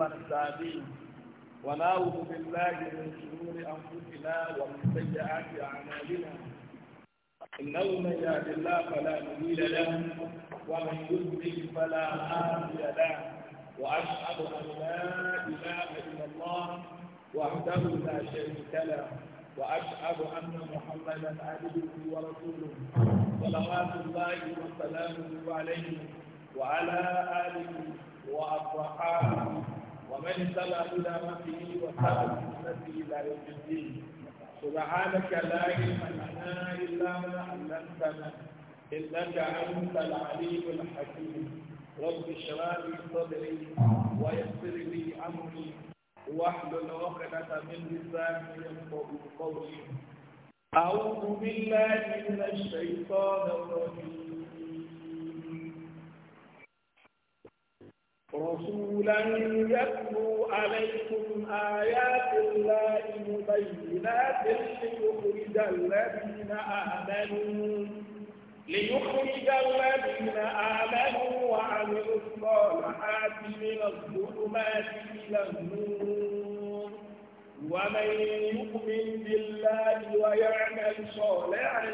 ونستعين ونعوذ بالله من شرور أنفسنا ومن سيئات أعمالنا إنه من يهد الله فلا مضل له ومن يضلل فلا هادي له وأشهد أن لا إله إلا الله وحده لا شريك له وأشهد أن محمدا عبده ورسوله صلوات الله وسلامه عليه وعلى آله وأصحابه ومن صلى الى نفسه وسلم بسنته الى يوم الدين سبحانك لا علم لنا الا ما علمتنا انك انت العليم الحكيم رب اشرح لي صدري ويسر لي امري واحلل عقدة من لساني يفقه قولي أعوذ بالله من الشيطان الرجيم رسولا يتلو عليكم آيات الله مبينات ليخرج الذين آمنوا ليخرج الذين آمنوا وعملوا الصالحات من الظلمات إلى النور ومن يؤمن بالله ويعمل صالحا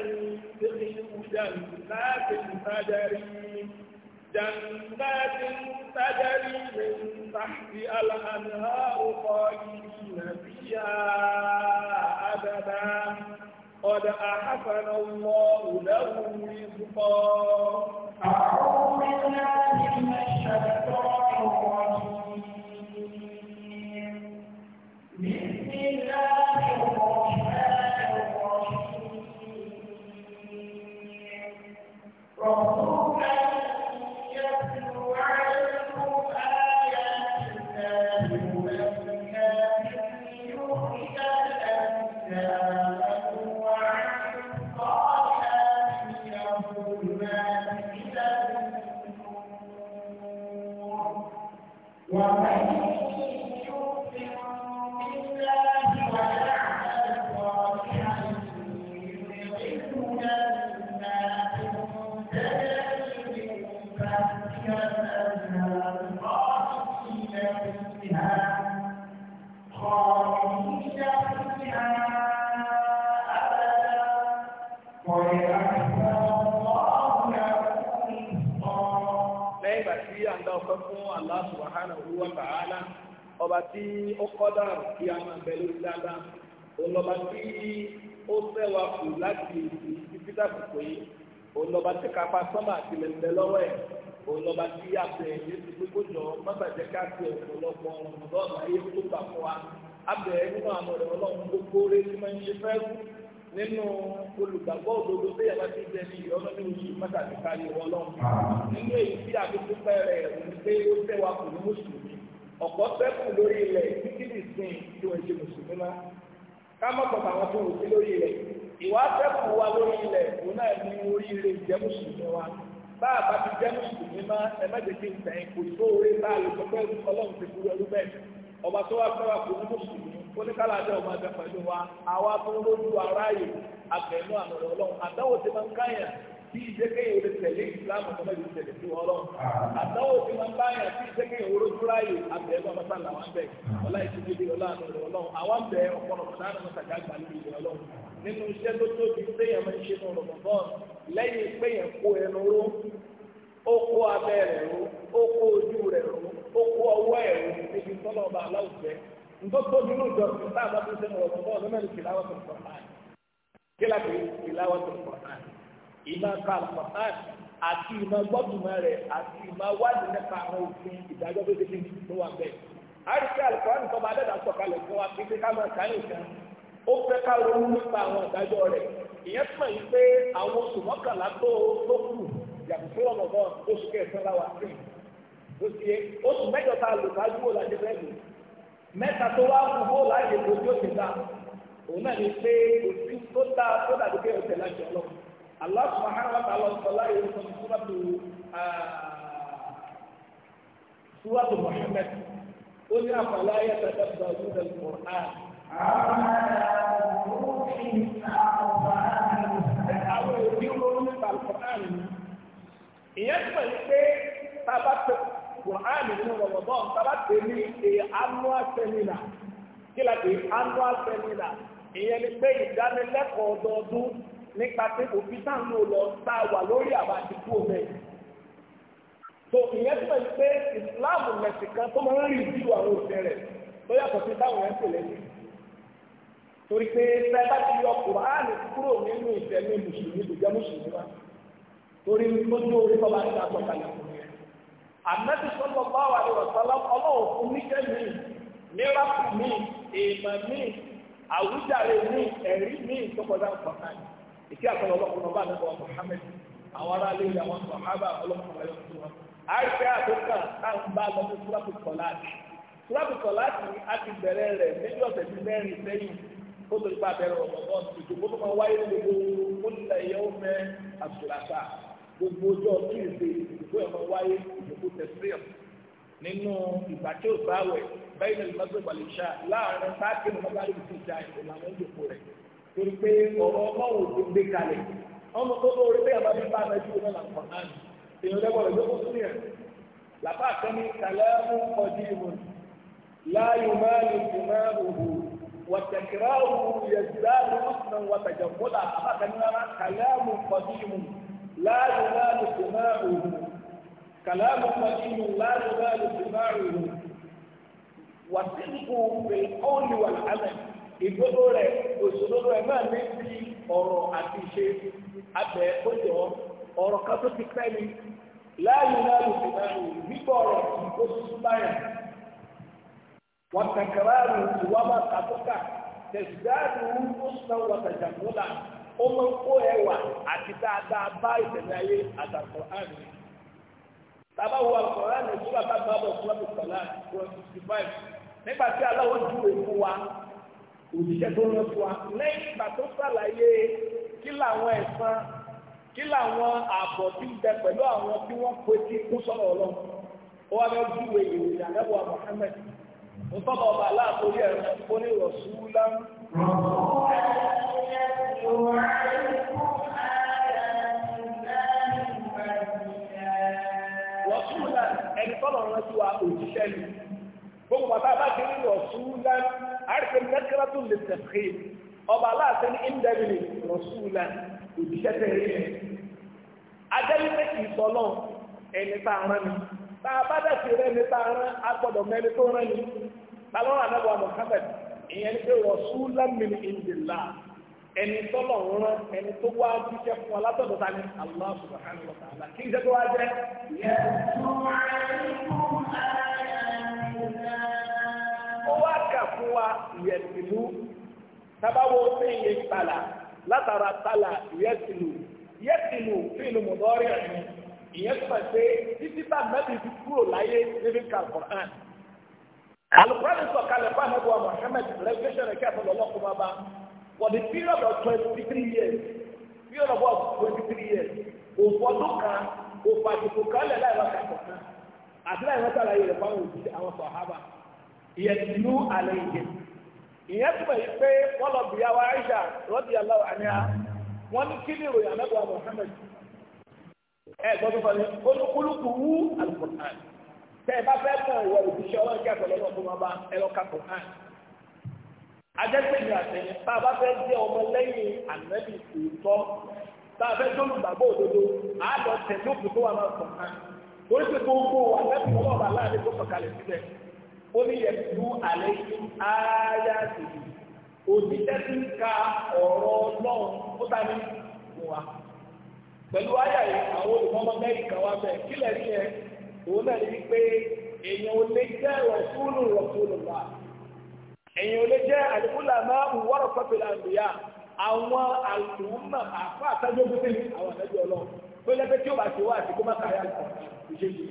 يدخل جنات تجري جنات تجري من تحت الأنهار خالدين فيها أبدا قد أحسن الله له رزقا أعوذ بالله من الشيطان الرجيم بسم الله الرحمن الرحيم fún Allah subhanahu wa ọba tí ó kọ́dà kí a máa bẹ lórí dáadáa olọba tí ó fẹ́wà kù láti títí dàbùkù yìí olọba tí kápá sọ́mà àtìlẹ̀ ń lọ́wọ́ ẹ̀ olọba tí a bẹ̀ yé ti jọ mọ́tàjẹ́ ká ọ̀pọ̀lọpọ̀ ọ̀dọ́ ayé tó gbà fún wa nínú olùgbàgbọ́ òdodo tó yàrá ti jẹ ní ìyọ́nà ní oṣù mẹ́tàlí káyé wọn lọ́wọ́. nínú èyí tí àdúgbò pẹ́rẹ́ òun pé ó fẹ́ wa kò ní mùsùlùmí ọ̀pọ̀ sẹ́kù lórí ilẹ̀ títí lè sìn tí wọ́n ṣe mùsùlùmí má. ká má pọ̀ àwọn tó ń sí lórí ilẹ̀ ìwà sẹ́kù wa lórí ilẹ̀ òun náà ní oríire jẹ́ mùsùlùmí wa. bá a bá ti jẹ́ mùsùlùmí má ẹ má jẹ́ kí n tẹ̀ kò sóore bá a lè sọ pé ọlọ́run ti fúru ẹlú bẹ́ẹ̀ tó wá oníkàlàdé ọmọ ẹgbẹ́ pẹ̀lú wa àwa tó ń lójú aráyè àbẹ̀nú àmọ̀ràn ọlọ́run àdáwò tí máa ń káyàn tí ìdẹ́kẹ̀yìn olè tẹ̀lé ìsìlámù tó mẹ́rin tẹ̀lé sí ọlọ́run àdáwò tí máa ń káyàn tí ìdẹ́kẹ̀yìn olójú ráyè àbẹ̀nú ọmọ sáà làwọn bẹ̀ ọlá ìtúndébi ọlá àmọ̀ràn ọlọ́run àwọn bẹ̀ ọ̀pọ̀lọpọ̀ náà ló sàjà gbà lórí ìlú ọlọ́run nínú iṣẹ́ tó tóbi téèyàn máa ń ntótó dunu jọ nta a bá tó sẹ́nu wọ̀ tọ́tọ́ ọ̀dọ́ mẹ́rin kìlá wọ́tò kọ̀ọ̀án kílá kìlá wọ́tò kọ̀ọ̀án ìmọ̀ ká kọ̀ọ̀án àti ìmọ̀ gbọ́dùmọ̀ rẹ̀ àti ìmọ̀ wádìí nípa àwọn òfin ìdájọ́ tó ti di tó wà bẹ́ẹ̀. àríkí alùpàdé tó bá dẹ́dà sọ̀kalẹ̀ fún wa pípé ká máa kárẹ̀ kan ó fẹ́ ká ronú nípa àwọn ìdájọ́ rẹ̀ ìyẹn túmọ̀ yìí pé àwọn oṣù mọ́kànlá tó tó kù yàtọ̀ sí ọ̀nà náà oṣù kẹsàn-án láwa sí oṣù mẹ́jọ tá lò ká dúró lájẹ́ bẹ́ẹ̀ lò mẹ́ta tó wá fún bó láàyè ojú òsì dá òun náà ní pé ojú tó dá tó dàbí pé òsè láti ọlọ Allah subhanahu wa ta'ala sọ láàyè ojú òsì súrọ́tù súrọ́tù Muhammad ó ní àfàlà ayé tẹ̀lé ọ̀dọ̀ ọdún rẹ̀ kọ̀ á. àwọn òbí ronú nípa Al-Qur'an ìyẹn tó pẹ̀lú pé. Kùránì nínú Ramadan tàbá pè ní a annual seminar kí la pè annual seminar ìyẹn ni pé ìdánilẹ́kọ̀ọ́ ọdọọdún nípa pé òfin tá à ń lò lọ tá a wà lórí àbájú tó mẹ́. tó ìyẹn túmọ̀ sí pé ìsìláàmù mẹ̀sìn kan tó máa ń rí ìdíwọ̀ àwọn òfin rẹ̀ tó yàtọ̀ sí táwọn yẹn pè lẹ́yìn. torí pé bẹ́ẹ̀ bá ti yọ Kùránì kúrò nínú ìtẹ̀mí mùsùlùmí kò jẹ́ mùsùlùmí wa torí tó ní orí bọ́ba ní àtọ̀kalẹ̀ kùránì ànábì sallallahu alaihi wasallam ọlọ́wọ́ fún níkẹ́ mi míràpù mi èèmọ̀ mi àwùjáre mi ẹ̀rí mi tọkọdá nǹkan ìkí àkọlọ ọlọ́kùnrin ọba àdàbọ̀ Muhammad àwọn ará ilé ìyá wọn sọ̀hábà ọlọ́kùnrin ọba yọ̀ọ̀tún gbogbo ọjọ́ tíìsì ìdìbò ẹ̀mọ wáyé ìdìbò tẹ̀síọ̀ nínú ìgbà tí ó bá wẹ̀ bẹ́ẹ̀ ni lọ́sẹ̀ pàlẹ́ṣà láàrin sáàkì ní mọ́tàlì ti ṣá ìlànà ìdìbò rẹ̀ torí pé ọ̀rọ̀ ọmọ wò ti gbé kalẹ̀ ọmọ tó tó orí bẹ́ẹ̀ bá mi bá mi dúró náà kàn án èèyàn lẹ́gbọ̀n rẹ̀ lókun sí ẹ̀ làbá àkànní kàlẹ́mù ọdí ìmọ̀ láàyò máa ń fi máa ń wò wàtẹ̀kẹ̀rẹ́ òun yẹ لا يبال سماعه كلام قديم لا يبال سماعه وصدق بالقول والعمل ìgbógbó rẹ̀ òṣèlú rẹ̀ náà ní bí ọ̀rọ̀ àti ìṣe abẹ́ kójọ ọ̀rọ̀ kan tó ti pẹ́ ni láàyè náà lò sí náà nígbà ọ̀rọ̀ kò sùn báyà wọ́n tẹ̀kẹ́rẹ́ àrùn ìwà máa kàtókà tẹ̀sídáàdù ó sàn wọ́n tẹ̀jàmúlà ó máa ń kó ẹwà àti dáadáa bá ìṣẹ̀lẹ̀ ayé àtàkùn àná tàbá wo àkùnrin àná ìṣúra bá bá bọ̀ fún ọdún kọ̀ọ̀lá twenty five nígbà tí aláwọ̀ ju èkó wa òṣìṣẹ́ tó lọ fún wa lẹ́yìn ìgbà tó sàlàyé kí làwọn ẹ̀sán kí làwọn àbọ̀ tí ń bẹ pẹ̀lú àwọn tí wọ́n pe tí kú sọ̀rọ̀ lọ ó wá lọ ju èyí ìyàlẹ́wò Muhammad mo tọ́ bọ̀ bàálà àkórí ẹ̀rọ oníwọ̀sùn lánàá. wọn sí wa òjíṣẹ́ ni gbogbo bàtà bá ti rí rọ̀ṣúlán àríkè mẹ́kẹ́rẹ́ tó lè tẹ̀sí ọba aláàfin ní ìdẹ́bìnrin rọ̀ṣúlán òjíṣẹ́ tẹ̀lé yẹn adẹ́lẹ́ pé ìsọ̀lọ́ ẹni tá a rán ni tá a bá dẹ̀sí rẹ̀ ẹni tá a rán agbọ́dọ̀ mẹ́ni tó rán ni tá lọ́rọ̀ àdàbọ̀ àmọ̀ ẹni tọ́lọ̀ ń rán ẹni tó wá jíṣẹ́ fún wa látọ̀dọ̀ ta ni Allah subhanahu wa ta'ala kí n ṣe tó wá jẹ́. ó wá kà fún wa yẹ̀sìlú tábàwọ̀ ní iye tàlà látara tàlà yẹ̀sìlú yẹ̀sìlú fíìlù mọ̀dọ́rì ẹ̀mí ìyẹn tó bá ṣe títí tá mẹ́bí ti kúrò láyé níbi kàlùkùrán. bá for the period of twenty-three years period of what twenty-three years òfòdún kan òfàdùkù kan lẹ̀ láì lọ́ka kọ̀ọ̀kan àti láì lọ́ka láyé rẹ̀ fáwọn òbí àwọn sọ̀hábà ìyẹn lú àlẹ́ ìjẹ́ ìyẹn túmọ̀ yìí pé wọ́n lọ bìyà wa Aisha rọ́bì aláwọ̀ àníyá wọ́n ní kí ni ìròyìn anábọ̀ Muhammad ẹ gbọ́dọ̀ fọ́ni olúkúlùkù wú alùpùpù tẹ́ ẹ bá fẹ́ mọ̀ ìwà òbí ṣọlọ́ ìkẹ́kọ̀ọ́ lọ́wọ́ fún wa bá ẹ lọ́ka kọ̀ọ̀kan ajẹ́pẹ̀lú àtẹ̀yìn tá a bá fẹ́ jẹ́ ọmọ lẹ́yìn ànábì òótọ́ tá a fẹ́ jẹ́ olùgbàgbọ́ òdodo á lọ tẹ̀lé òkú tó wà náà sọ̀ kan torí pé gbogbo ànábì wọn ọba láàrin tó sọ̀kalẹ̀ síbẹ̀ ó ní yẹ kú àlẹ́ yìí ááyá sí i òṣìṣẹ́ ti ń ka ọ̀rọ̀ ọlọ́run ó ta ní fún wa pẹ̀lú àyà yìí àwọn olùmọ́mọ́ mẹ́ríkà wa bẹ̀ kílẹ̀ ní ẹ òun náà ní pé èèyàn ò lè jẹ́ rọ̀túnù rọ̀túnù wa ẹ̀yin ò lè jẹ́ àdìgúnlà máa ń wọ́rọ̀ pẹ́pẹ́lá ń bìyà àwọn àlùmọ̀ àfa àtàjọ gbèsè ní àwọn àtàjọ ọlọ́run tó yẹ pé tí ó bá ti wá àti kó má káyà lọ ìṣe yìí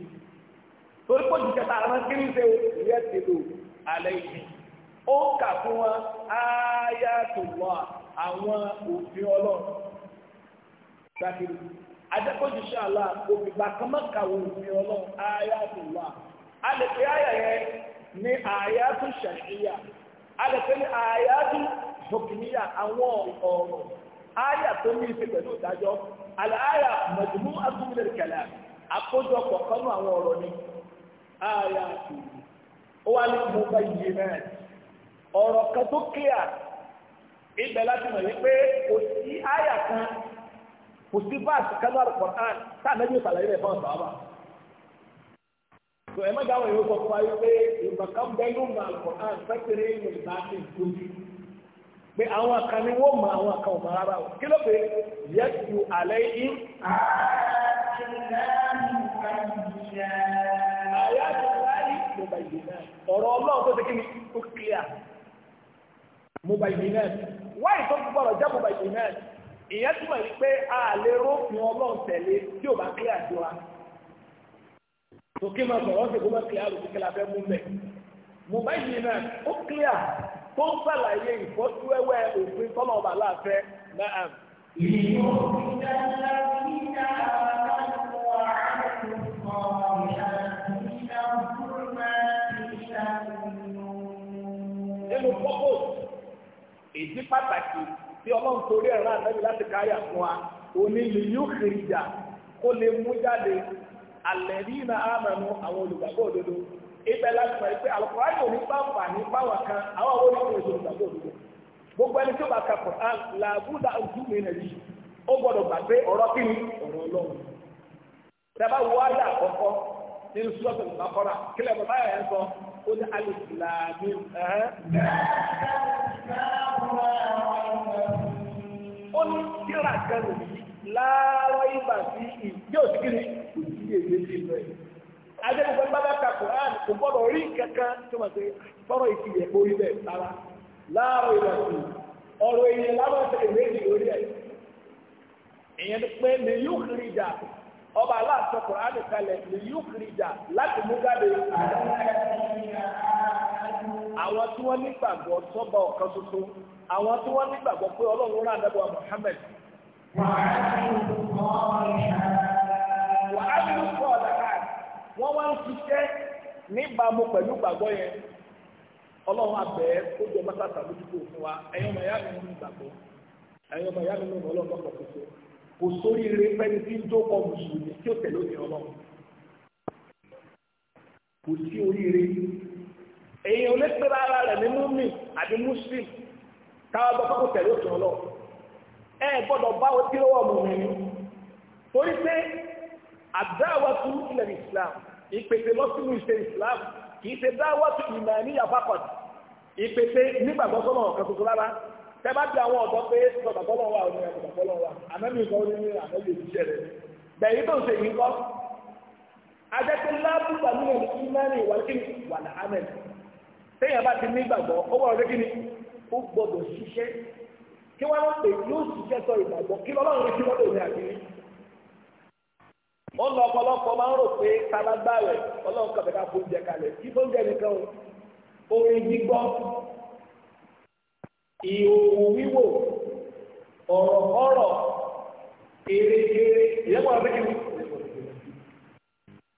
torí pé òjijì ta àwọn kiri ṣe ìyẹ́ ti lò alẹ́ yìí ó ń kà fún wọn ááyá tó wà àwọn òfin ọlọ́run gbàkiri adẹ́kọ̀jù ṣàlá òmìgbà kan má kàwé òfin ọlọ́run ááyá tó wà a lè pe yẹn ní àyà tó ṣàṣeyà alẹ́sẹ̀lẹ̀ àyájú hukmiya àwọn ọ̀rọ̀ àyà tó ní ìṣe pẹ̀lú ìdájọ́ àlàyà mọ̀jùmú àtúndẹ̀ kẹlẹ̀ àkójọpọ̀ kọ́nú àwọn ọ̀rọ̀ ni àyà tó ó wà ní mo bá yìí náà ọ̀rọ̀ kan tó kíá ibẹ̀ láti mọ̀ wípé kò sí àyà kan kò sí báàsì kánú àrùkọ̀ tó ẹ má dá àwọn yòókù ọkọ ayé pé ìgbàkà bẹnu mọ àlùkòkà fẹsẹrẹ ìlú ìbáṣe ìtòjú pé àwọn àkànní wọn mọ àwọn àkànwò mọ rárá o kí ló pé yẹtù alẹ yìí. àyà tó láyé mọba ìdè náà ọ̀rọ̀ Ọlọ́run tó ti kí ni ó kílíà mọba ìdè náà wáyé tó ń gbọ́dọ̀ jẹ mọba ìdè náà ìyẹn túmọ̀ yìí pé a lè rófin Ọlọ́run tẹ̀lé tí ò bá kílíà jọ wa tó kí máa sọ̀rọ̀ ṣe kó má kílíà lòdì kí la fẹ́ mú mẹ́. mobile yìí náà ó kílíà tó ń sàlàyé ìfọ́síwẹ́wẹ́ òfin tọ́nà ọba aláàfẹ́ náà. ìlú ìdáná ìdá nínú pọ́pọ́ èdè pàtàkì tí ọlọ́run torí ẹ̀rọ àtẹ́bí láti káyà fún wa òní lè yóò kiri ìjà kó lè mú jáde alladhina amanu àwọn olùgbàgbọ́ òdodo ibẹ̀ láti mọ̀ pé Al-Qur'an yóò ní pàwọ̀ kan àwọn àwọn olùgbàgbọ́ òdodo gbogbo ẹni tó bá ka Qur'an ojú mi nà ó gbọdọ̀ gbà ọ̀rọ̀ kí ni ọ̀rọ̀ ọlọ́run wọ àkọ́kọ́ nínú kílẹ̀ bàbá yẹn sọ ó ní èdè sí ìlú ẹ̀. ajẹ́gbẹ́gbẹ́ bá dáka Quran kò gbọ́dọ̀ ọba àwọn tí àwọn tí pé rán ṣiṣẹ́ níbàámu pẹ̀lú gbàgbọ́ yẹn ọlọ́run abẹ́ ó jẹ mọ́tà sàbójútó fún wa ẹ̀yin ọmọ ìyá mi nínú ìgbàgbọ́ ẹ̀yin ọmọ ìyá mi nínú ọlọ́run lọ́kọ̀ ṣoṣo kò sórí eré pẹ́ni tí ń dókọ̀ mùsùlùmí tí ó tẹ̀lé òní ọlọ́run kò sí oríire èèyàn ò lè pẹ́ra ara rẹ̀ ní múmi àbí muslim káwọn bọ́ kọ́kọ́ tẹ̀lé òní ọlọ́run ẹ gbọ́dọ̀ bá o tí lọ́wọ́ mùmí torí Islam ìpèsè lọ́sùnù ìṣe islam kì í ṣe dáwọ́tù ìmọ̀ ní yàfàkọ̀t ìpèsè nígbàgbọ́ sọ́nà ọ̀kan tuntun lára tẹ́ bá bí àwọn ọ̀dọ́ pé sọ̀tàkọ́ lọ́wọ́ àwọn ènìyàn sọ̀tàkọ́ lọ́wọ́ àmẹ́mí nǹkan ó ní àmẹ́lì ìṣiṣẹ́ rẹ̀ bẹ̀yìn tó ń ṣe yìí kọ́ ajẹ́pẹ́ lábùgbà nínú ìmọ̀ni ìwà kí wà ní amẹ́lì téèyàn bá ti nígbàgbọ́ ó wọ́n rẹ́ kí ni ó gbọ́dọ̀ ṣiṣẹ́ kí wọ́n lọ pè yóò ṣiṣẹ́ sọ ìgbàgbọ́ kí lọ́lọ́run ó lọ ọpọlọpọ máa ń rò pé tálágbáwẹ̀ ọlọ́run kan fẹ́ẹ́ ká fún oúnjẹ kalẹ̀ kí fún oúnjẹ nìkan o orin ìhòòhò wíwò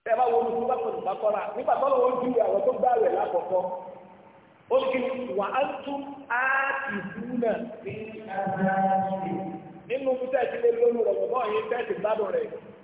ẹ bá wo olùkú nígbà tó ju àwọn tó ó kí wà á tún á náà nínú fúnṣẹ́ ìdílé lónìí rẹ̀ yín fẹ́ẹ́ ti gbádùn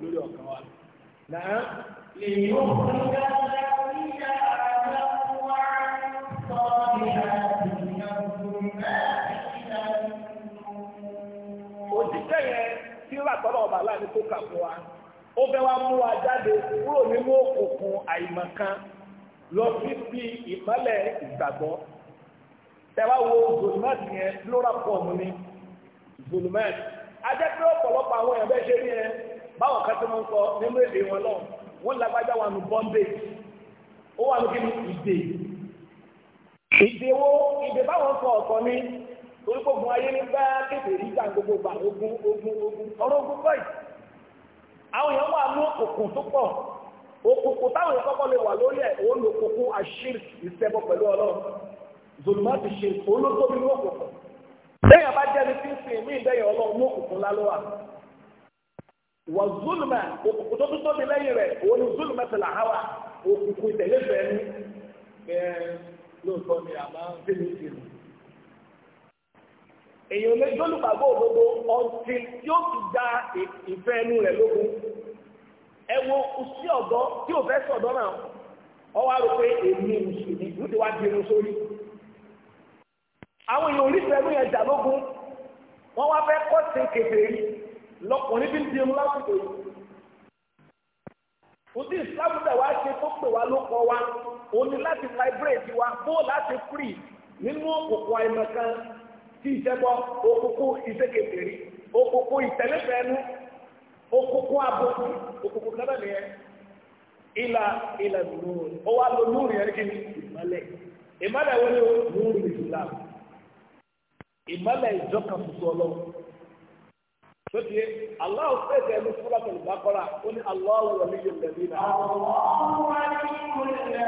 lórí ọkàn wa. Nàá lè yọ òṣìṣẹ́ yẹn tí ó àtọ́lọ̀ ọba láàrin tó kà fún wa ó fẹ́ wá mú wa jáde kúrò nínú òkùnkùn àìmọ̀kan lọ sí bí ìmọ́lẹ̀ ìgbàgbọ́ tẹ́wá wo zolomẹ́tì yẹn lóra pọ̀ mú ni zolomẹ́tì ajẹ́ ọ̀pọ̀lọpọ̀ àwọn èèyàn bẹ́ẹ̀ ṣe ní yẹn báwọn kan tó máa ń sọ nínú èdè wọn náà wọ́n lágbájá wà ní bọ́m̀bé ó wà ní kí ni ìdè ìdè wo ìdè báwọn sọ ọ̀tọ̀ ni torí gbogbo ayé ní bá kéde rí jà gbogbo gbà ogun ogun ogun ọ̀rọ̀ ogun bọ́ì àwọn èèyàn wà ní òkùnkùn tó pọ̀ òkùnkùn táwọn èèyàn kọ́kọ́ lè wà lórí ẹ̀ òun lò òkùnkùn àṣírí ìṣẹ́bọ pẹ̀lú ọlọ́run zolùmọ́ ti ṣe òun ló tóbi ní òkùnkùn lẹ́yìn abájẹ́ni tí ń sìn mí ìdẹ́yìn ọlọ́run ní òkùnkùn lálọ́wà wà zulma òkùnkùn tó tó di lẹ́yìn rẹ̀ òun ni zulma ti là hawa òkùnkùn ìtẹ̀lé fẹ́ẹ́nu bẹ́ẹ̀ lóòótọ́ ni àmọ́ fẹ́mi ti rù. èèyàn lè jólùbàgbọ́ òdodo ọtí yóò ti da ìfẹ́ ẹnu rẹ̀ lógun ẹ wo sí ọ̀dọ́ tí ò fẹ́ sọ̀dọ́ náà ọwọ́ àrò pé èmi mùsùlùmí ló ti wá di irun sórí. àwọn èèyàn onífẹ̀ẹ́ ló yẹn jà lógun wọ́n wá fẹ́ kọ́ sí kékeré lọkùnrin bí ń di irun lásìkò yìí òtí ìsìlámù dà wá ṣe tó pè wá ló kọ wa òun ni láti vibrate wa bó láti free nínú òkùnkùn àìmọ̀kan tí ìṣẹ́bọ òkùnkùn ìṣèkèbèrè òkùnkùn ìtẹ̀lẹ́fẹ̀ẹ́nu òkùnkùn àbòkù òkùnkùn kẹ́lẹ́ nìyẹn ìlà ìlà nùúrù ó wá lọ nùúrù yẹn kí ni ìmọ̀lẹ̀ ìmọ̀lẹ̀ wọlé nùúrù ìsìlámù ìmọ̀lẹ̀ ìjọ kan fùfú ọlọ́run sọ́tí aláwọ̀ fẹ́ẹ̀sẹ̀ ẹni fúnra pẹ̀lú bákọ́ra ó ní aláwọ̀ wọlé yóò lẹ́bí náà. àwọn wáyé kò lè rí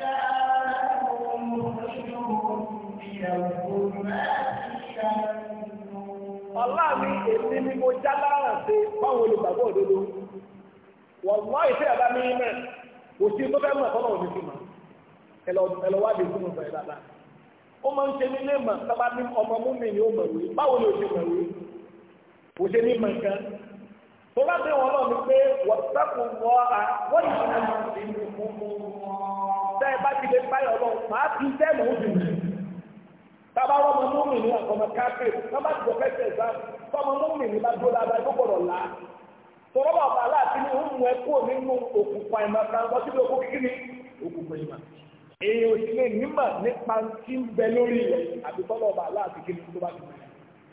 dáadáa fún ọlá mi èmi ni mo já lára ṣe báwo lè gbàgbọ́ òdodo wọ́n mọ ìfẹ́ ẹ̀bá mi mẹ́ kò sí tó fẹ́ mọ̀ tọ́lọ̀ òní fi mọ̀ ẹlọ́wádìí fún ọ̀sẹ̀ dáadáa ó máa ń ṣe nílé mọ̀ sábà ní ọmọ mú mi ni ó mọ̀ wí báwo lè ṣe mọ̀ wí kò ṣe ní mọ̀ọ́ká tó bá bẹ wọn lọ ni pé wọ́tàkùn wọ́ a wọ́n yìí náà máa fi mú mú mú tẹ́ ẹ bá ti lè báyọ̀ lọ màá fi sẹ́nu ó dùn tábà wọn mọ múmi ní àkọmọ káfíń náà bá ti jọ fẹ́ tẹ̀ sáà tọmọ múmi ní bá dúró lábẹ́ tó gbọ́dọ̀ là á tọrọ bá ọba aláàfin ní ó mú ẹ kó nínú òkùnkùn àìmọ kan lọ síbi òkú kíkiri òkùnkùn ìmọ̀ èyí ò sì lè nípa tí ń bẹ lórí rẹ̀ àbí tọrọ aláàfin kiri tó bá ti mọ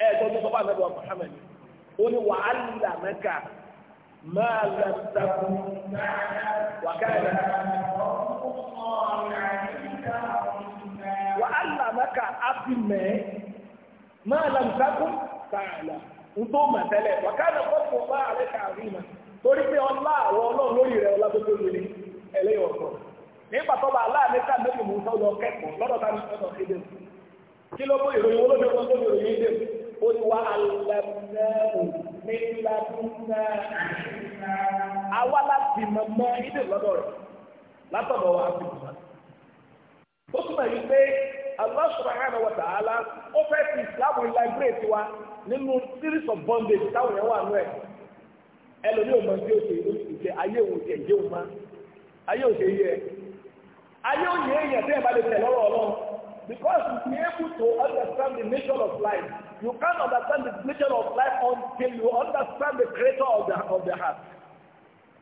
ẹ gbọ́dọ̀ tó bá nàbẹ ọmọ hàmẹlì ó ní wà á là mẹ́ka máa lọ sàkún wà káyọ̀ wà á là mẹ́ka á fi mẹ́ máa lọ sàkún tààlà ń tó mọ̀ tẹ́lẹ̀ wà káyọ̀ kọ́kọ́ bá àrẹ kàrí mọ̀ torí pé ọlá àwọn ọlọ́run lórí rẹ̀ ọlá tó tó lórí ẹlẹ́yọ̀ ọ̀tọ̀ nígbà tó bá aláàmì ká mẹ́rin mú sọ́dọ̀ kẹ́kọ̀ọ́ lọ́dọ̀ tá a ní sọ́dọ̀ kí ló ìròyìn olóde olóde ìròyìn dé o alẹ́mẹ́rù ní ìlànà àwa láti mọ̀mọ́ ìdè lọ́dọ̀ rẹ̀ látọ̀dọ̀ wa ti mọ̀. ó túmọ̀ yìí pé Allah subhanahu wa ta'ala ó fẹ́ fi ìsìláàmù ìlàgbèrè wa nínú series of bondage táwọn yẹn wà nú ẹ̀ ẹlòmí ò mọ tí ó ṣe ìlú ìṣe ayé òun ṣe ìjẹun má ayé òṣè yẹ ayé òyìn èèyàn bẹ́ẹ̀ bá lè tẹ̀ lọ́rọ̀ ọlọ́run because you be able to understand the nature of life You can't understand the nature of life until you understand the creator of the, of the heart.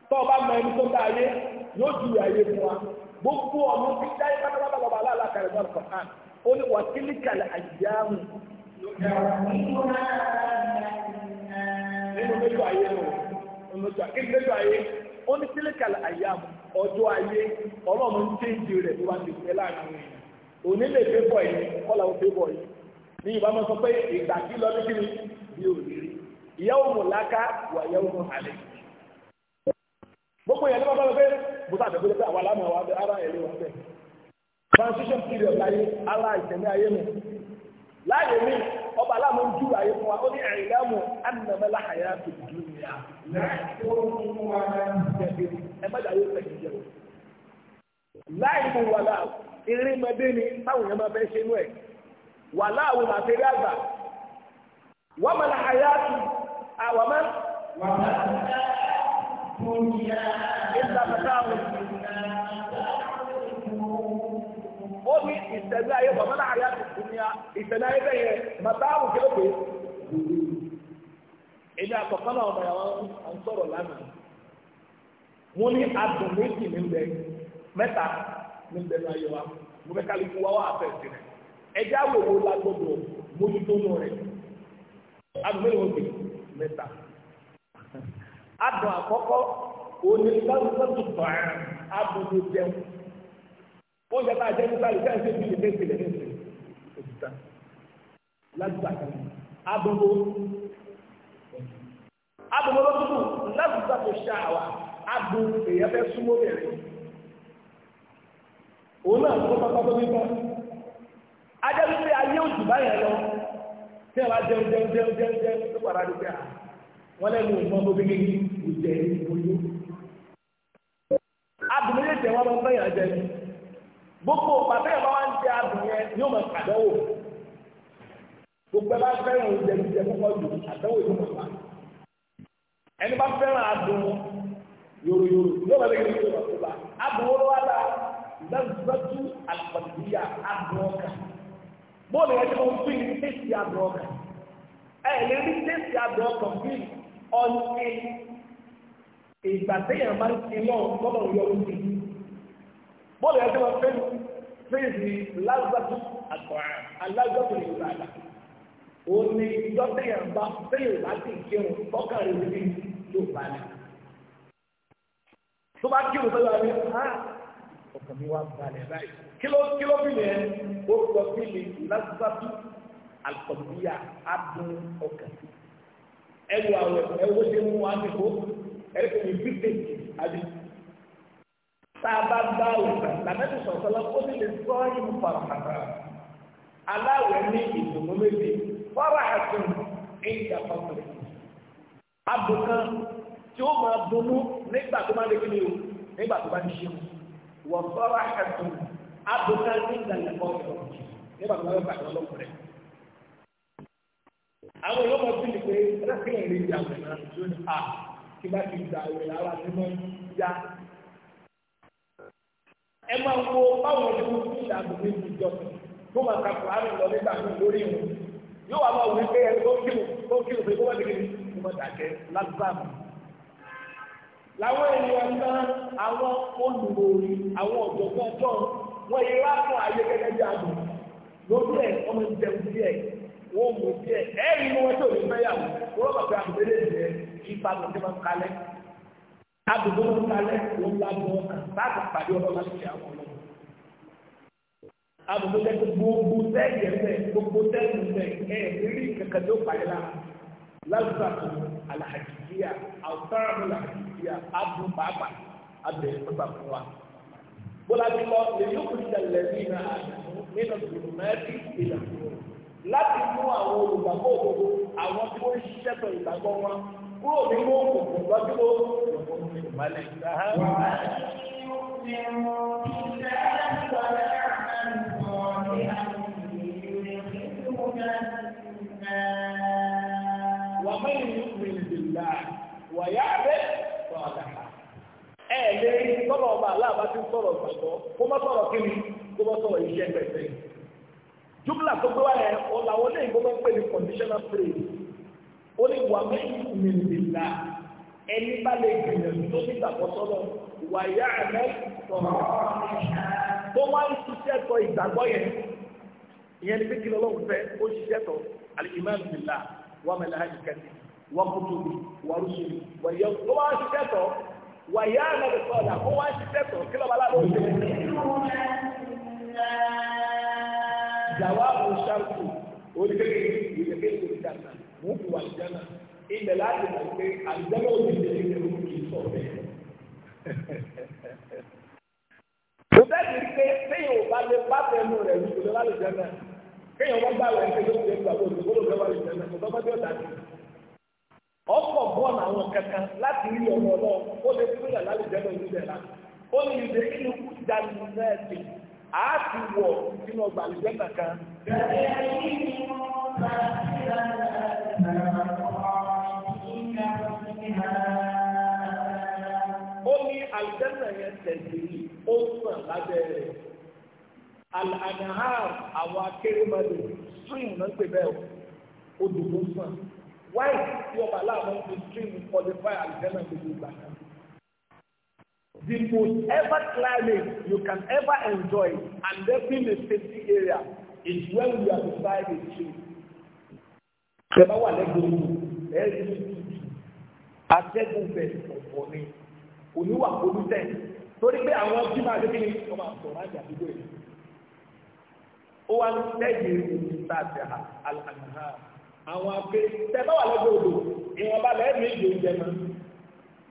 Tọ́ ọba tó bá ayé yóò ju ayé fún wa. Gbogbo ọ̀nà tí dáyé pátápátá lọ́ba aláàlá kàrẹ́ náà kọ̀ hàn. Ó ní wà kí níkàlẹ̀ àyíyáàmù. Nínú méjì ayé nù. Kí ni méjì ayé? Ó ní sílíkàlẹ̀ àyíyáàmù. Ọjọ́ ayé ọlọ́run ń tẹ́jú rẹ̀ bí wọ́n ti fẹ́ láàrin òní lè fẹ́ bọ̀ yìí kọ́lá ó fẹ́ bọ̀ yìí ní Yorùbá máa sọ pé ìgbà kí lọ ní kíni bí ò ní rí ìyá òmù làákà wà ìyá òmù àlẹ. gbogbo yẹn ní wọn bá lọ pé bùtà àtẹ̀gbẹ́ pé àwa lámà wa ara ẹ̀rí wọn bẹ̀. transition period láyé ara ìtẹ̀mí ayé mu láàyè mi ọba aláàmú ń júwe ayé fún wa ó ní ẹ̀rí láàmú ànàmẹ́lá àyà tó dùn ní à. ẹ má dàá yóò tẹ̀sí jẹ láì mú ni táwọn yẹn máa fẹ́ ṣe inú ẹ̀ wàhálà àwọn màtẹ́rì àgbà wọ́n mọ̀ náà àyà tù àwọn mọ́. ó ní ìṣẹ̀lẹ̀ ayé wọ́n mọ̀ náà àyà tù dúnìyà ìṣẹ̀lẹ̀ ayé bẹ́ẹ̀ yẹn màtáàmù kìlọ̀ pé èmi àkọ́kọ́ náà ọmọ yàrá ń sọ̀rọ̀ lánàá wọ́n ní adùn méjì níbẹ̀ mẹ́ta níbẹ̀ náà yẹ wa mo fẹ́ kálí fún wa wá àfẹ́ sílẹ̀. ẹja wòwò la gbọdọ̀ mójútó nù rẹ̀ adùnmí ló ń gbè mẹ́ta adùn àkọ́kọ́ òní sábà sábà bàrà abùdó jẹun oúnjẹ tá a jẹ nípa lè fẹ́ẹ́ ṣe bí ìdílé ìpìlẹ̀ ní ìsìn òtítà lágbà kan abùdó abùdó ló dúdú lágbà tó ṣàwà abùdó èyẹ fẹ́ súnmọ́ bẹ̀rẹ̀ òun náà tó bá bá tó nípa adébísí ayé òjò báyẹn lọ tí wọn jẹun jẹun jẹun jẹun jẹun tó padà dùn bíà ah, wọn lẹnu ìfọn bó bíi ìjẹ ìfọyó adùn yẹn jẹ wọn bá ń bẹyàn jẹ gbogbo pàtẹ yẹn bá wà ń jẹ adùn yẹn ni yóò máa pàdánwò gbogbo ẹ bá fẹ́ràn oúnjẹ jíjẹ púpọ̀ jù àdánwò yóò máa ẹni bá fẹ́ràn adùn yòròyòrò yóò máa bẹ yẹn yóò máa tó bá adùn wọn wá la ìgbàgbọ́tú àgbàdìyà adùn ọkà bóòlù yẹn tí mo fi ní tẹ́sí àgbọ̀ ọkàn ẹ lè rí tẹ́sí àgbọ̀ ọkàn bí ọ̀nì ìgbà téèyàn máa ń ti náà lọ́dọ̀ yọ oúnjẹ bóòlù yẹn tí mo fẹ́ fèsì lágbàtú àgbọ̀ alágbàtú ìgbàlá òní ìjọ téèyàn bá téèyàn bá ti jẹun tọ́kàn rẹ̀ níbi yóò bá ní. tó bá kí òun sọ́yọ́ rẹ̀ ha ah, ọkàn mi wá balẹ̀ báyìí kilo kilo bili yẹ o kọ bili lazatu alikọbiya adun ọkẹ ẹwu awẹ ẹwu sẹmu wani ko ẹrikẹ mi fi pe abi taaba ba o ta lamẹti sọsọlọ o ti le sọọyi mu farahata aláwẹ ní ìdùnnú méje farahatu ẹyà kọfìrì abukan tí o máa dunu nígbà tó máa lé kí o nígbà tó máa ní sẹmu wọ farahatu advocacy ìdàgbà kọ́ọ̀tù nígbà tó wọ́n bàjẹ́ ọlọ́kùnrin. àwọn èèyàn kan fìlì pé ẹlẹ́sìn ìrìn ìjà àwọn èèyàn tó ní a kí bá ti gba àwọn èèyàn ara tí wọ́n yá. ẹ máa wo báwọn ọdún fún ìdàgbà mi ti jọ tó máa ka kùránì lọ nígbà tó lórí ìwọ̀n yóò wá máa wí pé ẹni tó kírun tó kírun pé kó má dìgbì kó má dàgẹ́ lásìlámù làwọn ènìyàn náà àwọn olùròyìn àwọn ọ̀jọ̀gbọ́n ọjọ́ wọ́n yẹ wá fún ayé gẹ́gẹ́ bí àgbò lójú ẹ̀ ọmọ ìjẹun díẹ̀ wọ́n mú díẹ̀ ẹ̀rí ni wọ́n tó lè fẹ́yàwó wọ́n bàbá àgbò lè jẹ́ ipa tó ti máa ń kalẹ̀ àgbò tó máa ń kalẹ̀ wọ́n bá bọ́ láti pàdé ọmọ láti ṣe àwọn ọmọ àgbò tó jẹ́ gbogbo sẹ́yìn ẹ̀fẹ̀ gbogbo sẹ́yìn ẹ̀fẹ̀ ẹ̀rí kankan tó pàdé lára lásìkò alahajijia àwùjọ àbúrò alahajijia àbúrò pàápàá bọ́lá ti lọ lèyókùnrin lẹ́bí náà nínú gbòmẹ́tì ìlà láti mú àwọn olùgbàgbọ́ òdodo àwọn tí wọ́n ń ṣiṣẹ́ pẹ̀lú ìgbàgbọ́ wọn kúrò nínú òkùnkùn lọ́dún ó lọ́kùnrin ìmọ̀lẹ̀ ومن يؤمن بالله ويعبد صالحا ẹ lè sọ̀rọ̀ ọba aláàbá tí ń sọ̀rọ̀ gbàgbọ́ kó má sọ̀rọ̀ kíni kó má sọ̀rọ̀ iṣẹ́ pẹ̀sẹ̀. júbìlà tó gbé wá yẹn wọn làwọn lè gbọ́ pé ní conditional phrase ó ní wà mí nìlìlà ẹni bá lè gbìyànjú tó ní gbàgbọ́ sọ́dọ̀ wà yá ẹ̀mẹ́ sọ̀rọ̀ tó wá ń ṣiṣẹ́ tọ ìgbàgbọ́ yẹn ìyẹn ni bíkí lọ́wọ́ fẹ́ ó ṣiṣẹ́ tọ alìmọ́ọ̀nù nìlà wà mẹ́lẹ́ hàjì kẹ́sì wà kútùbì wà rúṣùlì wà ṣiṣẹ́ tọ wàyà ànàbì sọ̀dà kó wá sí tẹ̀tọ̀ kí lọ́ba aláàbò ṣe. jawabu sharku oníkèké ìdèké ìdèké mú fi wà jẹ́nà ilẹ̀ láti mọ̀ pé àjẹ́nà òbí ìdèké ìdèké kì í sọ bẹ́ẹ̀. kò bẹ́ẹ̀ ni pé téèyàn ò bá lè bá tẹnu rẹ̀ ní ìdèké lálẹ́ jẹ́nà kéèyàn wọ́n gbà wẹ̀ ní kéèyàn ó ti gbà wọ́n ti gbọ́dọ̀ fẹ́ wà lè jẹ́nà kò tọ́ ọkọ̀ bọ́ làwọn kankan láti rí ọmọ ọlọ́run ó lè fún ìyàrá ìjẹ́ lọ ìlú ó ní ìdè inú kú dání ti wọ̀ sínú ọgbà ìjẹ́ kankan. ó ní àlùjẹ́nà yẹn tẹ̀sí ó sàn lábẹ́ rẹ̀ àlànà àwọn akérèmọdé ń pè bẹ́ẹ̀ o sàn. wáyé tí ọba aláàmú ti stream qualify àlùfẹ́nà gbogbo ìgbà. The most ever climbing you can ever enjoy and definitely a safety area is when you are beside a tree. Ṣẹba wà lẹ́gbẹ̀ẹ́ òru ẹ̀rí tuntun atẹ́gùn bẹ̀ ọ̀pọ̀ ni oníwà polútẹ̀ torí pé àwọn tí máa dé kí ni ọmọ àtọ̀rọ̀ àjà àdúgbò yìí. Ó wá ń tẹ́jì òkúta àti àlànà náà àwọn abe tẹ́lẹ̀ wà lọ́dọ̀ odò ìwọ̀nba lẹ́yìn méjì oúnjẹ mọ́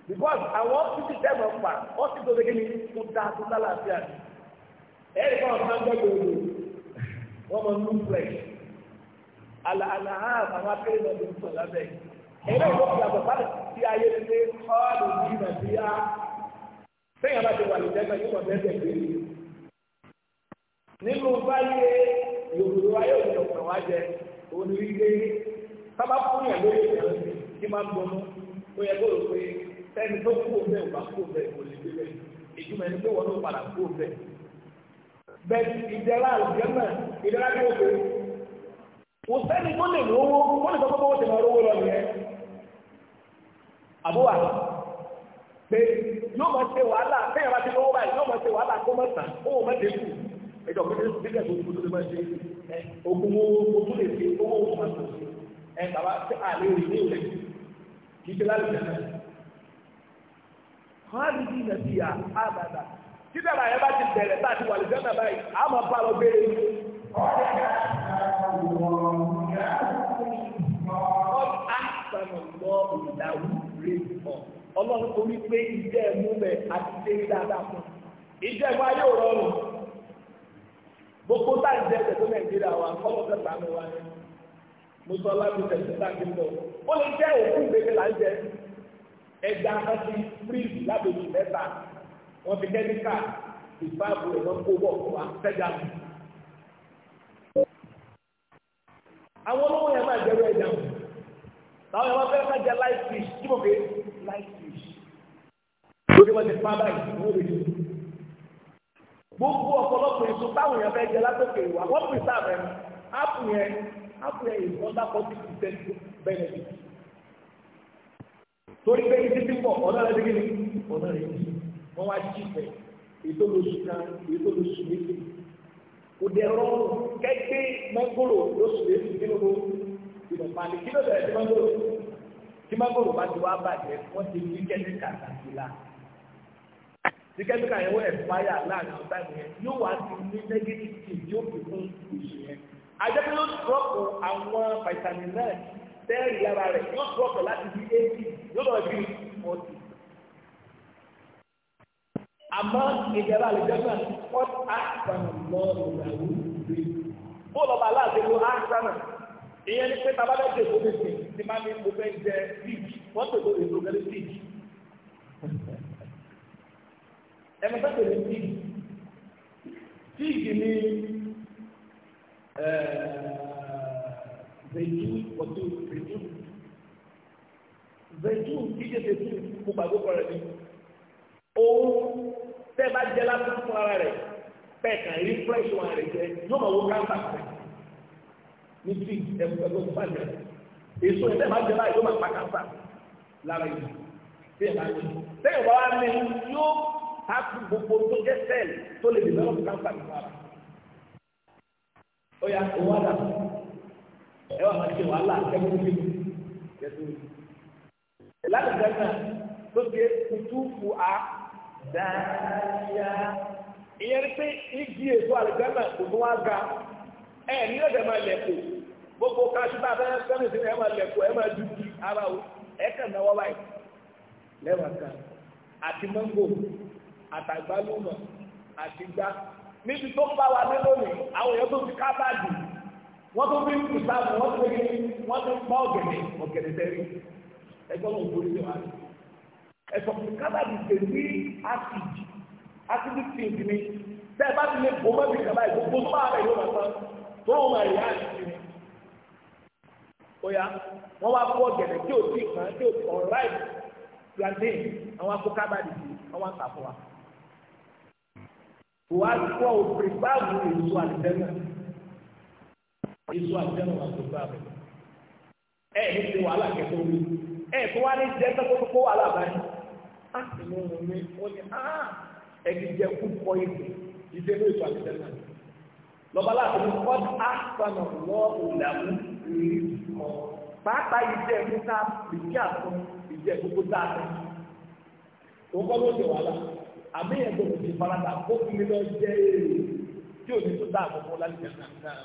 because àwọn ọ́fíìsì tẹ́lẹ̀ pa ọ́fíìsì tó dégé ní tó dá tó dá láàfíà ẹ̀rí kan máa ń gbẹ́gbẹ́ odò wọ́n mọ̀ nù flex àlàhà àwọn abẹ́rẹ́ náà ló ń sọ lábẹ́ ẹ̀rí ọ̀pọ̀ ìyàbọ̀ bá ti ayé ní pé ọ́ọ̀lù ní nàìjíríà sẹ́yìn abájọ wà lè dẹ́gbẹ́ yóò mọ̀ bẹ́ẹ̀ nínú báyé Yorùbá yóò òun ní pé sábà fún yàn lórí ìyàn tí máa ń gbọmú ó yẹ kó o pé sẹ́ni tó kú òun ò bá kú òun kò lè gbé bẹ́ẹ̀ ìjùmọ̀ ẹni pé wọ́n padà kú òun bẹ́ẹ̀. bẹ́ẹ̀ ìdẹ́lá ìdẹ́mà ìdẹ́lá tó kù kò sẹ́ni tó lè lówó kó lè sọ pé wọ́n ti máa rówó lọ nìyẹn. àbúwà pé yóò máa ṣe wàhálà fẹ́yàwá ti lówó báyìí yóò máa ṣe wàhálà kó mọ̀ tán kó o mọ̀ ẹjọ́ pé ní bí kẹsàn ogun tó lè máa ṣe ogun owó tó lè ṣe owó owó máa tó ṣe ẹ bàbá tí a lè ní ìlẹ̀ kì í ṣe láti jẹ náà. wọ́n ìrẹsì yà á dàda tí bàbá yẹn bá ti bẹ̀rẹ̀ tá ti wà lè jẹ́ bàbá yìí a máa bá lọ bẹ́ẹ̀ ni. Ọlọ́run torí pé ìjẹ́ ẹ̀mú bẹ̀ àti ṣe dáadáa fún un. Ìjẹ́ ẹ̀mú ayé ò rọrùn gbogbo táyì jẹ́sẹ̀ tó nàìjíríà wa kọ́lọ́sẹ̀ sànù wa ni mo sọ láti tẹ̀sí láti tọ̀ ó lè jẹ́ òkú ìgbésẹ̀ là ń jẹ ẹja àti fírìsì lábẹ́jì mẹ́ta wọ́n fi kẹ́míkà ìfáàbù ẹ̀rọ kó bọ̀ fún wa sẹ́jà mi. àwọn olówó yẹn máa jẹ́rú ẹja mi làwọn yẹn máa fẹ́ ká light fish kí mo fi light fish lórí wọn ti fá báyìí wọ́n lè yí gbogbo ọ̀pọ̀lọpọ̀ èso táwọn èèyàn fẹ́ jẹ látòkè ìwà wọ́n pè sáàbẹ̀ mi ápù yẹn ápù yẹn is under forty percent benefit torí pé ibi tí ń bọ̀ ọ̀nà rẹ̀ dégé ni ọ̀nà rẹ̀ yìí wọ́n wá jí ìfẹ́ ètò lóṣù kan ètò lóṣù méjì kò dẹ̀ rọrùn kẹ́gbẹ́ mọ́ngòrò lóṣù méjì nínú ìmọ̀ pàdé kí ló bẹ̀rẹ̀ sí mọ́ngòrò tí mọ́ngòrò bá ti wá bàjẹ́ wọ́n ti ní kẹ́kẹ́ kàkàkì láà tí kẹ́míkà yẹn wọ́n ẹ̀fáyà láàrin àwọn táìmù yẹn yóò wá sí ní negative thing yóò fi fún oṣù yẹn ajẹ́pẹ́ yóò dúrọ́pù àwọn vitamin náà tẹ́ẹ̀rì ara rẹ̀ yóò dúrọ́pù láti bí eighty yóò lọ bí forty àmọ́ ìjẹba àlejòmọ́ wọ́n àṣàmù lọ́ọ̀rù ìyàwó rẹ̀ bó lọ́ba aláàbẹ̀ ló àṣàmù ìyẹn ní pé tábà bẹ́ẹ̀ tèkó mi sìn ní má ẹnu sábẹ̀ ní tíì tíì ní zẹ̀jú ọ̀tún zẹ̀jú zẹ̀jú kíkẹ́ zẹ̀jú kó gbàgbé kọ́rẹ́ ní òun tẹ́ bá jẹ́ lásán fún ara rẹ̀ bẹ́ẹ̀ kàn rí fresh one rẹ̀ jẹ́ yóò máa wo káńtà rẹ̀ ní tíì ẹ̀fọ́ ẹ̀fọ́ tó bá jẹ́ èso ẹ̀ tẹ́ bá jẹ́ báyìí yóò máa pa káńtà lára ìlú tẹ́ ẹ̀ bá jẹ́ tẹ́ ẹ̀ bá wá ní yóò táàkì gbogbo tó jẹ́ sẹ́ẹ̀lì tó lè dìbò ọ̀pọ̀ káńsà nínú ara. ó yà owó àdá ẹ wà máa ṣe wàhálà ẹgbẹ́ tó kéwì kẹtù. ìlànà gánà tó ṣe kutu fu a dáadáa. ìyẹn ni pé igi èso àlùgánà kò tó wá ga ẹ ní ọ̀dẹ̀ máa lẹ̀kọ̀ gbogbo káṣí bá abẹ́rẹ́ sẹ́mi sí ẹ máa lẹ̀kọ̀ ẹ máa dúdú ara o ẹ kàn náwó báyìí lẹ́wọ̀n kan àti mọ́ngò àtàgbálùmọ̀ àtìgbá níbi tó ń bá wa dé lónìí àwọn èèyàn tó ti ká báàgì wọ́n tó fi ń kù sáàbù wọ́n tó fi wọ́n tó gbọ́ ọ̀gẹ̀dẹ̀ ọ̀gẹ̀dẹ̀ tẹ́rí ẹgbẹ́ wọn kò ní wà ní. ẹ̀sọ̀ fún kábàdì ṣe ní acid acid things ni tẹ́ ẹ bá ti lè bọ́ mọ́bì kaba ẹ̀ gbogbo tó bá rẹ̀ yóò tó ń rẹ̀ yá àti ni. ó yá wọ́n wá kó ọ̀gẹ̀dẹ̀ tí ò tí kan tí ò tí ọ̀ráì plantain àwọn akó kábàdì sí àwọn àtàkùn wa kò wá kó o pèpáàbù èso àtẹnà èso àtẹnà wà pèpáàbù ẹ ní ti wàhálà kẹtọ mi ẹ eh, kó wá ní jẹ tó kó wàhálà báyìí á ah, sì mú wọn ní wọn ní á ah, ẹni jẹ kú kọ ìdè ìdè ní èso àtẹnà lọba láti ní kọ́ àpamọ̀ lọ́ọ̀bù làwọn rí ọ pàápàá ìdè ẹ̀kú tá a pèjì àtún ìdè ẹ̀kú tá a tẹ̀ òun kọ́ ló ṣe wàhálà àmì ẹ̀gbọ́n mi ti farada kó fún mi lọ jẹ́ èrè tí ò ní tó dá àkókò lálẹ́ náà.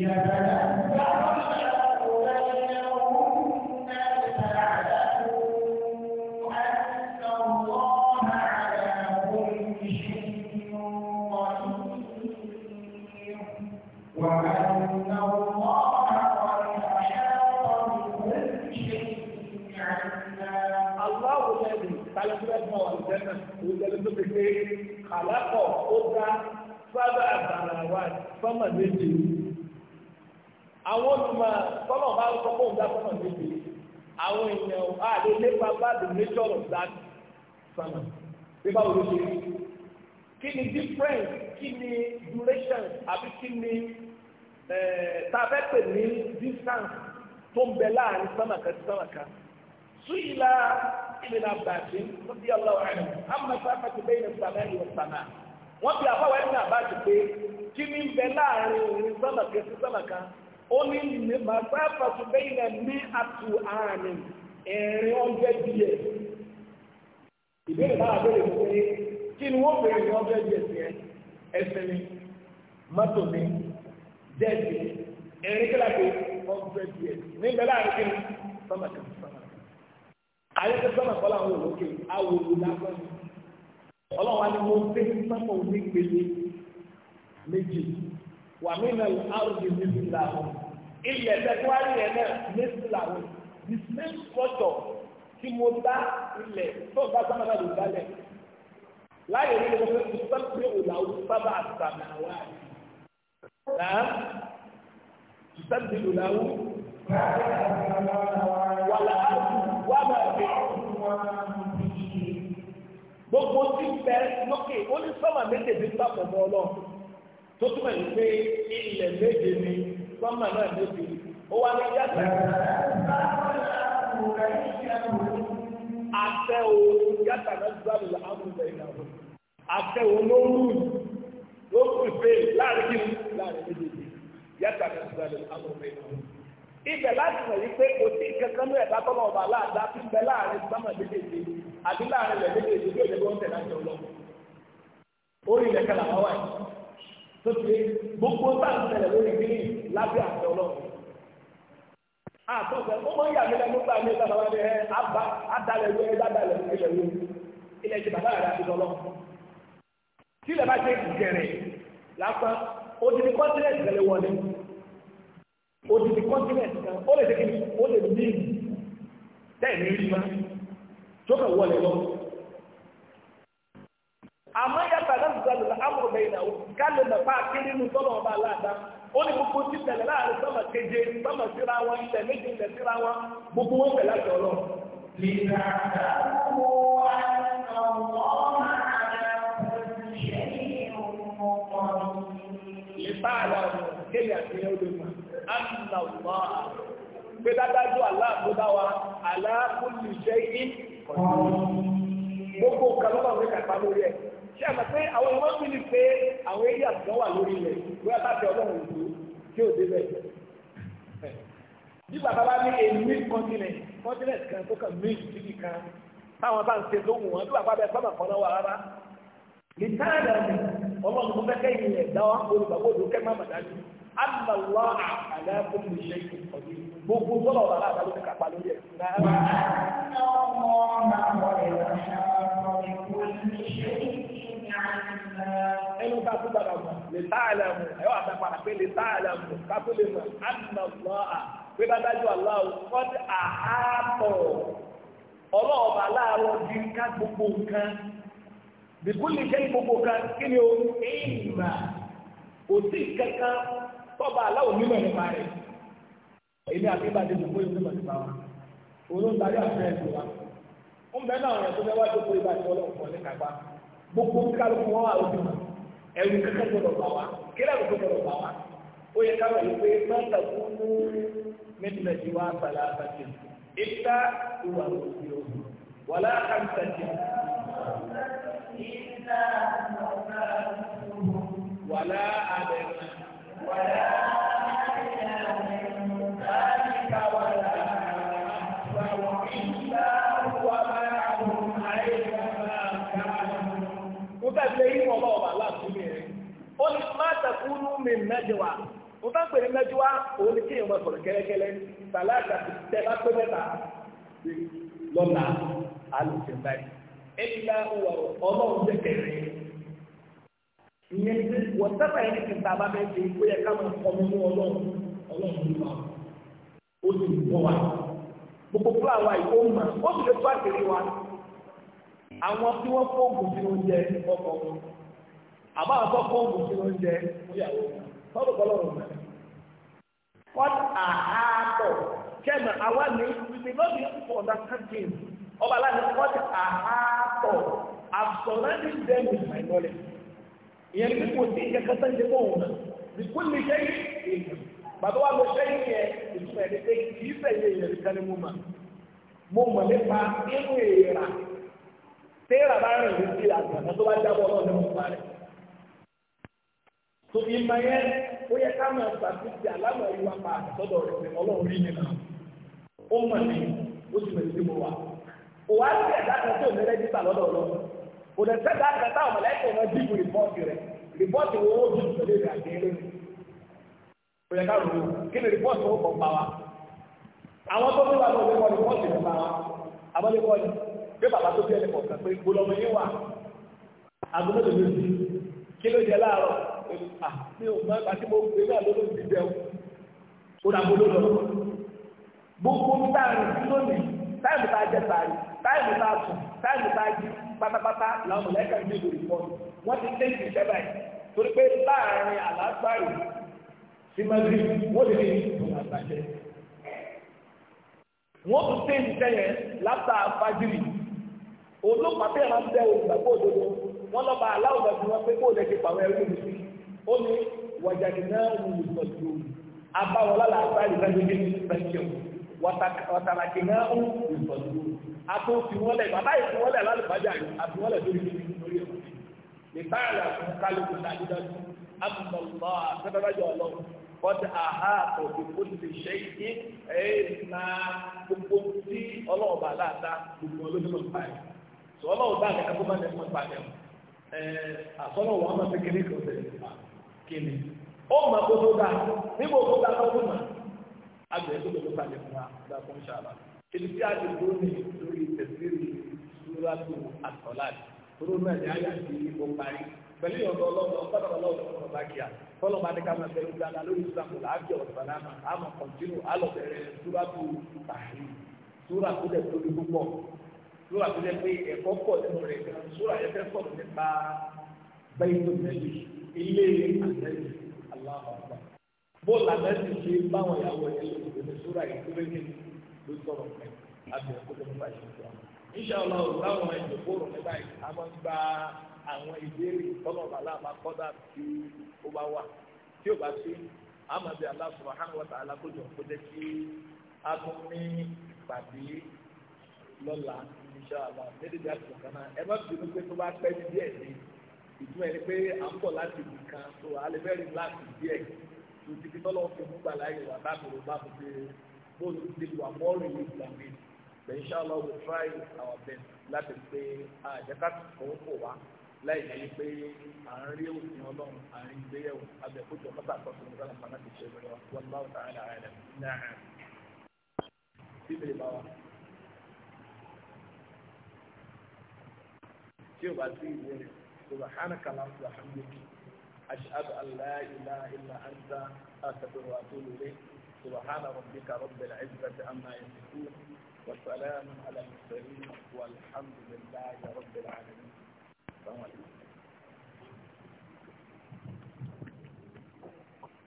Yeah, that's Aláwọ̀ lẹ́nu tálẹ́fẹ́mọ̀ ìjẹ́nà òjẹ́lẹ́dọ́ pépé kàlákọ̀ ó dá sábà àbàràwà sọ́mà méje. Àwọn olùmọ̀ sọ́mà bá ń sọ́mà òun dá sọ́mà méje. Àwọn èèyàn àlè lépa bá the nature of Kí ni difference? Kí ni duration? Àbí kí ni Eh, tá a fẹ́ pè ní distance tó ń bẹ láàrin sánmàkà sí sánmàkà suyila ibn abasi rabi allah anhu amma sáfàtì bẹ́ẹ̀ ní sàmà ìwọ sàmà wọ́n fi àbáwọ̀ ẹ̀mí àbájì pé kí ni ń bẹ láàrin òrin sánmàkà sí sánmàkà ó ní ní màsáfàtì bẹ́ẹ̀ ní ní àtù ààrin ẹ̀rin ọjọ́ díẹ̀ ìbéèrè náà béèrè fún mi kí ni wọ́n béèrè ní ọjọ́ díẹ̀ sí ẹ ẹsẹ̀ ni mọ́tò ni dẹ́ẹ̀dì ẹ̀rín kílàgbé hundred years nígbà láàrin kí ni sọ́mà kan sọ́mà kan. àyẹ̀kọ́ sọ́mà kọ́lá àwọn olókè awòrò lásán ni ọlọ́wà ni mo gbé sọ́mà onígbèlè méjì wà mí nà áwùjẹ méjì làwọn ilẹ̀ tẹ́kọ́wárì yẹn náà méjì làwọn the same structure tí mo dá ilẹ̀ tó bá sọ́mà náà lè dálẹ̀ láyé ní ìlú pé ìsọ́pẹ́ òlà òkú sábà àtàmì àwọn La, ìsẹ́bìtì lò láwù wà láàbù wà bàbí gbogbo tí bẹ lókè ó ní sọ́mà méjèèjì ń bàbọ̀ mọ́ ọlọ́ tó túmọ̀ ní pé ilẹ̀ méje ni sọ́mà náà méje ó wà ní yàtọ̀ àtẹ̀wò yàtọ̀ náà gbàlù àmúlẹ̀ ìlànà àtẹ̀wò ló ló fi pé láàrin kí n láàrin méjèèjì yàtọ̀ àti ìgbàlẹ̀ àwọn ọmọ ìlú. ibẹ̀ láti mọ̀ yìí pé kò sí kankan ní ẹ̀dá tọ́lọ̀ ọba aláàdá fi bẹ láàrin sámà méjèèjì àti láàrin ilẹ̀ méjèèjì bí òde wọn tẹ̀lé àti ọlọ́ orí ilẹ̀ kan làwọn wà yìí tó ti gbogbo sáà tẹ̀lé lórí kí lábẹ́ àti ọlọ́run àtọ̀fẹ́ ó mọ ìyàgbé lẹ́nu gbà ní ìta bàbá mi ẹ àbá àdàlẹ̀ wẹ́ àdàlẹ̀ ilẹ̀ wo ilẹ̀ ìjìbàdàn rẹ̀ àti ọlọ́run tí ilẹ̀ bá ṣe gẹ̀rẹ̀ lásán odidi continent gẹ̀lẹ̀ wọlé odidi continent ó lè tẹ́kí ó lè ma tó kà wọlé lọ. àmọ́ yàtọ̀ àdáǹtì sọ̀rọ̀ amúrùbẹ̀ ìnáwó ká lè nà pa sọ́nà ọba aláàdá ó ní gbogbo tí tẹ̀lẹ̀ láàrin sọ́mà keje sọ́mà síra wọn ilẹ̀ méjì ilẹ̀ síra wọn gbogbo wọn ìyẹn olùmọ̀ alàwọ̀ pé dájú aláàbúdáwà aláàbúlùṣẹ́ yìí gbogbo kalọ́nà ní kàtà lórí ẹ̀ ṣé àmọ́ pé àwọn ìwọ́n fi ní pé àwọn eré àtúntò wà lórí ilẹ̀ wíwá láti ọlọ́run ìlú tí ò débẹ̀ bí bàbá bá ní èmi continent continent kan tó kàn mí ìdílé kan táwọn bá ń ṣe lóhùn wọn bí bàbá bẹ sábà kan náà wà rárá ìtàn àdàmì ọlọ́run tó fẹ́ kẹ́yìn àdàlọ́ àlẹ́kùn lè ṣe ìkọ̀dí gbogbo bọ́lá ọ̀rọ̀ àdáwọ̀ ti kàpá lórí ẹ̀. ẹnu ká tó gbàgbà mọ̀ lè tá àlẹ́ mọ̀ ẹ̀ wà tá padà pé lè tá àlẹ́ mọ̀ ká tó lè mọ̀ àdàlọ́ à pé dájú aláwọ̀ kọ́ni àhàtọ̀ ọlọ́ọ̀bà láàárọ̀ di ká gbogbo nǹkan bìkúlì ṣe gbogbo kan kí ni o ìmà kò sí kankan tọ́ba aláwọ̀ mímọ̀ nípa rẹ̀ èmi àti ìbàdí ìdìbò yìí mímọ̀ nípa wa olóńdarí àfẹ́ ẹ̀sìn wa ń bẹ́ẹ̀ náà rẹ̀ tó fẹ́ wá jókòó ìbàdí ọlọ́pọ̀ ní kàgbá gbogbo kálukú wọn wà lójú mọ̀ ẹ̀rù kẹ́kẹ́ gbọdọ̀ bá wa kílẹ̀ kó gbọdọ̀ bá wa ó yẹ káwọn yìí pé mẹ́ta kú mú mẹ́tìlẹ̀ tí wàá bàlá àbàtì ìta ìwà òsì òsì wàlá àǹtàjì wàlá àbẹ̀rẹ̀ takunu min najwa o ta pè ní òun ni kéèyàn máa sọ̀rọ̀ kẹ́lẹ́kẹ́lẹ́ sàlàkà tẹ bá pé mẹ́ta lọ́la alùpùpù báyìí ẹ̀ka wà ọlọ́run tẹ̀kẹ̀rẹ́ ìyẹn ti wọ́n sábà yẹn ní kìtà bá bẹ́ẹ̀ ṣe ó yẹ ká máa kọ́ mímú ọlọ́run ọlọ́run ló máa ó sì ń bọ́ wa gbogbo fúláwà yìí ó mà ó sì lè tó àkèrè wa àwọn tí wọ́n fóògùn sí oúnjẹ ọkọ̀ wọn àbá àtọ fóògùn sí oúnjẹ ìyàwó tọ́lù kọlọ́run mẹ́rin wọ́n àhàtọ̀ kẹ́mi àwa ní we no be able to understand things ọba aláàbí wọ́n àhàtọ̀ I'm surrounding them with my knowledge ìyẹn ní kò sí ìjẹ kẹta ìjẹ mọ́ òun náà bìkún ní ṣe yìí bàbá wa lọ ṣe yìí yẹ ìtumọ̀ ẹni pé kì í fẹ̀yẹ ìyẹn nìkan ni mo mà mo mọ̀ nípa inú èèrà téèrà bá rìn ní sí àgbàdo tó bá jábọ̀ náà ní mo bá rẹ̀ tó ìmọ̀ yẹn ó yẹ ká máa ṣàtúnṣe àlámọ̀ ìwà pa àtọ́dọ̀ rẹ̀ pé ọlọ́run rí mi náà ó mọ̀ ní ó sì mọ̀ ní mo wà òwò á ẹ̀dá kan tó ní kò lè sẹ́ta àgbàtà ọ̀mọ̀lẹ́kọ̀ náà dìbò rìpọ́ọ̀tì rẹ̀ rìpọ́ọ̀tì wo ó dùn tó lè rà dé lónìí. yẹ ká rò ó kí ni kọ̀ àwọn tó ń wá lẹ́kọ̀ọ́ àwọn lẹ́kọ̀ọ́ ni pé bàbá tó pé yín wà ló di kí ló jẹ láàárọ̀ ah, mi ò mọ àti mo gbé náà ló ló ti o lọ gbogbo táàmù a táàmù bá yí pátápátá làwọn mọ̀lẹ́kà ń dìbò ìfọ́nù wọ́n ti tẹ́ ìsìn ìṣẹ́ báyìí torí pé láàrin àlàáfáàrì sí madrid wọ́n lè ní ìbùn àgbàjẹ́ wọ́n tún tẹ́ ìṣẹ́ yẹn látà fájìrì olóòpàá tẹ́ máa ń bẹ olùgbàgbọ́ òdodo wọ́n lọ́ba aláwùjọ tí wọ́n pé kó lè ṣe pàwọn ẹrú mi sí ó ní wàjàdì náà wù ú pẹ̀lú àtò fìwọ́lẹ̀ bàbá yìí fìwọ́lẹ̀ lálùbájà yìí ala lórí mi lórí ẹ̀kọ́ mi lè bá àlà dájúdájú amúnàlọ́ àtẹ́bẹ́bẹ́jọ ọlọ́run kọ́dà àhá àtọ̀dù ti ṣe é ẹ̀ na gbogbo tí ọlọ́run láta gbogbo olóṣèlú pa ẹ̀ sọ bá ẹ̀ ibi àdìgbò ní lórí tẹ̀síìrì lóràtò àtọ̀láàdì tóró náà ní àyà sí ipò parí pẹ̀lú ìyọ̀dọ̀ ọlọ́run ọ̀pọ̀lọpọ̀ ọlọ́run ọ̀pọ̀lọpọ̀ bá kíá fọlọ́ bá ní ká máa bẹ̀rù dáadáa lórí ìsúlàpọ̀ láàbì ọ̀rọ̀ sàlámà àmọ̀ kọ̀ntínú alọ̀bẹ̀rẹ̀ sóràtò tàhí sóra tó dẹ̀ tóbi púpọ̀ sóra tó dẹ̀ pé ẹ̀kọ́ pọ̀ nínú rẹ̀ gan sóra yẹn fẹ́ sọ̀rọ̀ nípa bẹ́ẹ̀tò mẹ́lì ilé àtẹ́lì aláàbà bó làbẹ́sì ṣe báwọn ìyàwó ẹ̀ ló sọ̀rọ̀ pẹ̀ àbẹ̀ ọ̀kọ́tọ̀ nípa ìṣèjọba. Inṣàlá òwúrọ̀ àwọn ìjòkó rò nípa ìṣèjọba máa ń gba àwọn ìbéèrè tọ́lọ̀ bàlá máa kọ́dà tí ó bá wà. Tí ò bá sí, àmàbí Allah subhanahu wa ta'ala alákòjọ kó jẹ́ kí a tún ní ìpàdé lọ́la inṣàlá lédèdè àti ìkànnà. Ẹ má bínú pé tó bá pẹ́ ní díẹ̀ ní ìtumọ̀ ẹni pé à ń bọ̀ láti ibì kan tó alẹ́ bẹ́ẹ̀ rí láti díẹ̀ tó ti fi tọ́lọ́ fi mú gbàlá ìwà bá mi bá mi dé both of these were more relieved than me. But inshallah, we'll try our best láti pé àjẹká kòó kò wá láì ní pé à ń rí òfin ọlọ́run à ń rí ìgbéyàwó abẹ́kójọ mọ́tà àkọsọ nígbà tó máa ti ṣe ìrọ̀lẹ́ wa wọ́n bá ọ̀tá àlà àlẹ́ náà bíbélì bá wa. tí o bá sí ìwé rẹ̀ subhanaka allahumma wa bihamdika ashhadu an la ilaha illa anta astaghfiruka wa atubu ilayk. سبحان ربك رب العزة عما يصفون وسلام على المرسلين والحمد لله رب العالمين السلام عليكم